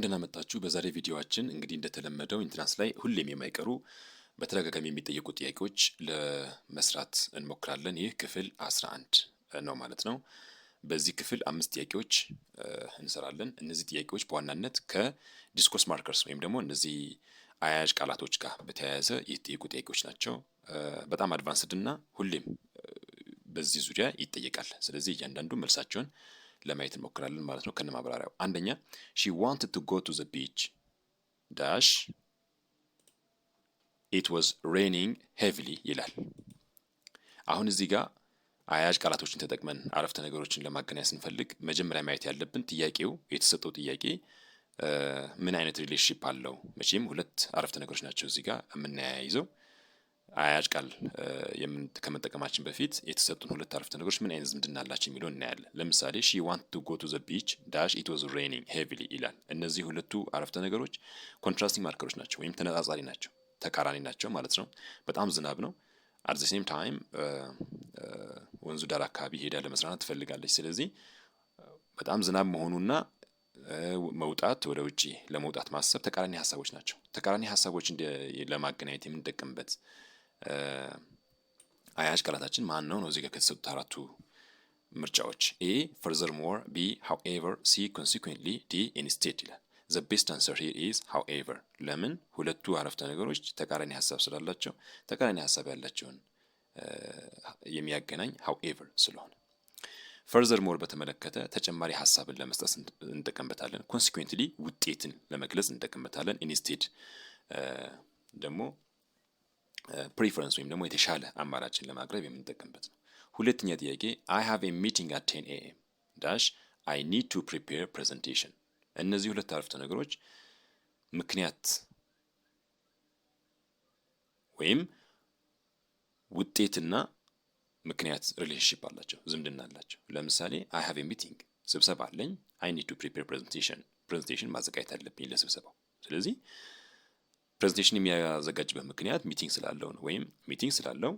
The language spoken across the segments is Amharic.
እንደናመጣችሁ በዛሬ ቪዲዮአችን እንግዲህ እንደተለመደው ኢንትራንስ ላይ ሁሌም የማይቀሩ በተደጋጋሚ የሚጠየቁ ጥያቄዎች ለመስራት እንሞክራለን። ይህ ክፍል 11 ነው ማለት ነው። በዚህ ክፍል አምስት ጥያቄዎች እንሰራለን። እነዚህ ጥያቄዎች በዋናነት ከዲስኮርስ ማርከርስ ወይም ደግሞ እነዚህ አያያዥ ቃላቶች ጋር በተያያዘ የተጠየቁ ጥያቄዎች ናቸው። በጣም አድቫንስድ እና ሁሌም በዚህ ዙሪያ ይጠየቃል። ስለዚህ እያንዳንዱ መልሳቸውን ለማየት እንሞክራለን ማለት ነው። ከነ ማብራሪያው አንደኛ ሺ ዋንትድ ቱ ጎ ቱ ዘ ቢች ዳሽ ኢት ዋዝ ሬኒንግ ሄቪሊ ይላል። አሁን እዚህ ጋር አያያዥ ቃላቶችን ተጠቅመን አረፍተ ነገሮችን ለማገናኘት ስንፈልግ መጀመሪያ ማየት ያለብን ጥያቄው የተሰጠው ጥያቄ ምን አይነት ሪሌሽንሽፕ አለው? መቼም ሁለት አረፍተ ነገሮች ናቸው እዚህ ጋር የምናያይዘው አያጭ ቃል ከመጠቀማችን በፊት የተሰጡን ሁለት አረፍተ ነገሮች ምን አይነት ዝምድና አላቸው የሚለውን እናያለን። ለምሳሌ ሺ ዋንት ቱ ጎ ቱ ዘ ቢች ዳሽ ኢት ዋዝ ሬኒንግ ሄቪሊ ይላል። እነዚህ ሁለቱ አረፍተ ነገሮች ኮንትራስቲንግ ማርከሮች ናቸው ወይም ተነጻጻሪ ናቸው፣ ተቃራኒ ናቸው ማለት ነው። በጣም ዝናብ ነው። አት ዘ ሴም ታይም ወንዙ ዳር አካባቢ ሄዳ ለመዝናናት ትፈልጋለች። ስለዚህ በጣም ዝናብ መሆኑና መውጣት ወደ ውጭ ለመውጣት ማሰብ ተቃራኒ ሀሳቦች ናቸው። ተቃራኒ ሀሳቦች ለማገናኘት የምንጠቀምበት አያያዥ ቃላታችን ማን ነው ነው እዚህ ጋር ከተሰጡት አራቱ ምርጫዎች ኤ ፈርዘር ሞር ቢ ሃውኤቨር ሲ ኮንሲኩዌንትሊ ዲ ኢንስቴድ ይላል። ዘ ቤስት አንሰር ሂር ኢዝ ሃውኤቨር። ለምን ሁለቱ አረፍተ ነገሮች ተቃራኒ ሀሳብ ስላላቸው ተቃራኒ ሀሳብ ያላቸውን የሚያገናኝ ኤቨር ስለሆነ ፈርዘር ሞር በተመለከተ ተጨማሪ ሀሳብን ለመስጠት እንጠቀምበታለን። ኮንሲኩዌንትሊ ውጤትን ለመግለጽ እንጠቀምበታለን። ኢንስቴድ ደግሞ ፕሪፈረንስ ወይም ደግሞ የተሻለ አማራጭን ለማቅረብ የምንጠቀምበት ነው። ሁለተኛ ጥያቄ አይ ሃቭ ኤ ሚቲንግ አት ቴን ኤኤም ዳሽ አይ ኒድ ቱ ፕሪፔር ፕሬዘንቴሽን። እነዚህ ሁለት አረፍተ ነገሮች ምክንያት ወይም ውጤትና ምክንያት ሪሌሽንሽፕ አላቸው፣ ዝምድና አላቸው። ለምሳሌ አይ ሃቭ ኤ ሚቲንግ ስብሰባ አለኝ፣ አይ ኒድ ቱ ፕሪፔር ፕሬዘንቴሽን፣ ፕሬዘንቴሽን ማዘጋጀት አለብኝ ለስብሰባው። ስለዚህ ፕሬዝንቴሽን የሚያዘጋጅበት ምክንያት ሚቲንግ ስላለው ነው። ወይም ሚቲንግ ስላለው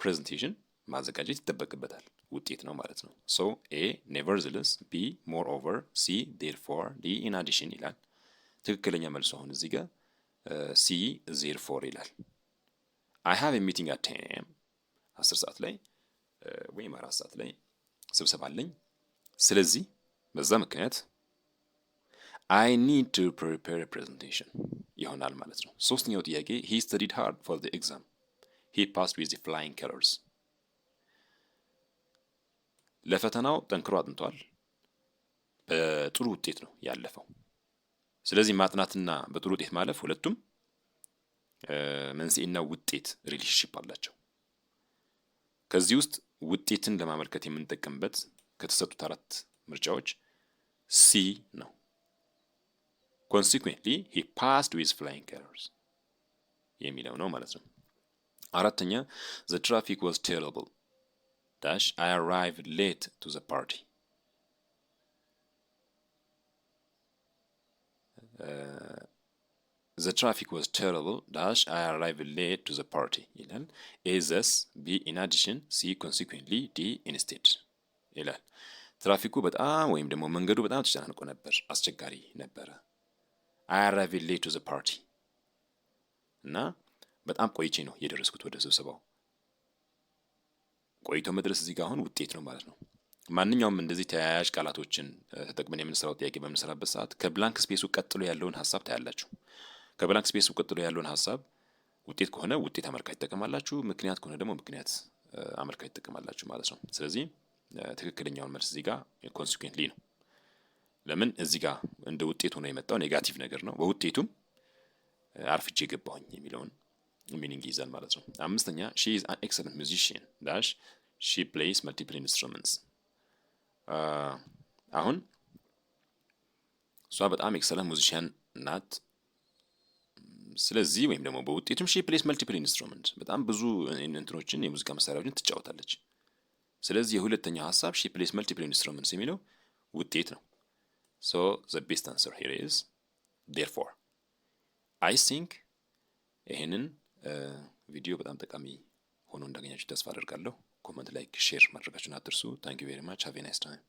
ፕሬዘንቴሽን ማዘጋጀት ይጠበቅበታል። ውጤት ነው ማለት ነው። ሶ ኤ ኔቨርዝለስ፣ ቢ ሞር ኦቨር፣ ሲ ዴርፎር፣ ዲ ኢን አዲሽን ይላል። ትክክለኛ መልሶ አሁን እዚህ ጋር ሲ ዜርፎር ይላል። አይ ሃቭ ሚቲንግ አት ቴን አስር ሰዓት ላይ ወይም አራት ሰዓት ላይ ስብሰባ አለኝ። ስለዚህ በዛ ምክንያት አይ ኒድ ቱ ፕሪፔር ፕሬዘንቴሽን ይሆናል ማለት ነው። ሶስተኛው ጥያቄ he studied hard for the exam he passed with the flying colors ለፈተናው ጠንክሮ አጥንቷል። በጥሩ ውጤት ነው ያለፈው። ስለዚህ ማጥናትና በጥሩ ውጤት ማለፍ ሁለቱም መንስኤና ውጤት ሪሌሽንሺፕ አላቸው። ከዚህ ውስጥ ውጤትን ለማመልከት የምንጠቀምበት ከተሰጡት አራት ምርጫዎች ሲ ነው። ኮንሲኩዌንትሊ ሂ ፓስድ ዊዝ ፍላይንግ ከለርስ የሚለው ነው ማለት ነው። አራተኛ ዘ ትራፊክ ዋዝ ቴረብል ዳሽ አይ አራይቭድ ሌት ቱ ዘ ፓርቲ ዘ ትራፊክ ዋዝ ቴረብል ዳሽ አይ አራይቭድ ሌት ቱ ዘ ፓርቲ ይላል። ኤ ዘስ፣ ቢ ኢን አዲሽን፣ ሲ ኮንሲኩዌንትሊ፣ ዲ ኢንስቴድ ይላል። ትራፊኩ በጣም ወይም ደግሞ መንገዱ በጣም ተጨናንቆ ነበር፣ አስቸጋሪ ነበረ። አራቪ ሌት ቱ ዘ ፓርቲ እና በጣም ቆይቼ ነው የደረስኩት ወደ ስብሰባው። ቆይቶ መድረስ እዚህ ጋር አሁን ውጤት ነው ማለት ነው። ማንኛውም እንደዚህ ተያያዥ ቃላቶችን ተጠቅመን የምንሰራው ጥያቄ በምንሰራበት ሰዓት ከብላንክ ስፔሱ ቀጥሎ ያለውን ሀሳብ ታያላችሁ። ከብላንክ ስፔሱ ቀጥሎ ያለውን ሀሳብ ውጤት ከሆነ ውጤት አመልካች ትጠቀማላችሁ፣ ምክንያት ከሆነ ደግሞ ምክንያት አመልካች ትጠቀማላችሁ ማለት ነው። ስለዚህ ትክክለኛውን መልስ እዚህ ጋር ኮንሲኩዌንትሊ ነው። ለምን እዚህ ጋር እንደ ውጤት ሆኖ የመጣው ኔጋቲቭ ነገር ነው። በውጤቱም አርፍጄ ገባሁኝ የሚለውን ሚኒንግ ይይዛል ማለት ነው። አምስተኛ ሺ ኢዝ አን ኤክሰለንት ሚዚሽን ዳሽ ሺ ፕሌይስ መልቲፕል ኢንስትሩመንትስ። አሁን እሷ በጣም ኤክሰለንት ሙዚሽያን ናት። ስለዚህ ወይም ደግሞ በውጤቱም ሺ ፕሌይስ መልቲፕል ኢንስትሩመንት በጣም ብዙ እንትኖችን የሙዚቃ መሳሪያዎችን ትጫወታለች። ስለዚህ የሁለተኛው ሀሳብ ሺ ፕሌይስ መልቲፕል ኢንስትሩመንትስ የሚለው ውጤት ነው። So the best answer here is therefore. I think ይህንን ቪዲዮ uh, በጣም ጠቃሚ ሆኖ እንዳገኛችሁ ተስፋ አደርጋለሁ። ኮመንት፣ ላይክ፣ ሼር ማድረጋችሁን አትርሱ። ታንክ ዩ ቬሪ ማች ሃቭ ናይስ ታይም።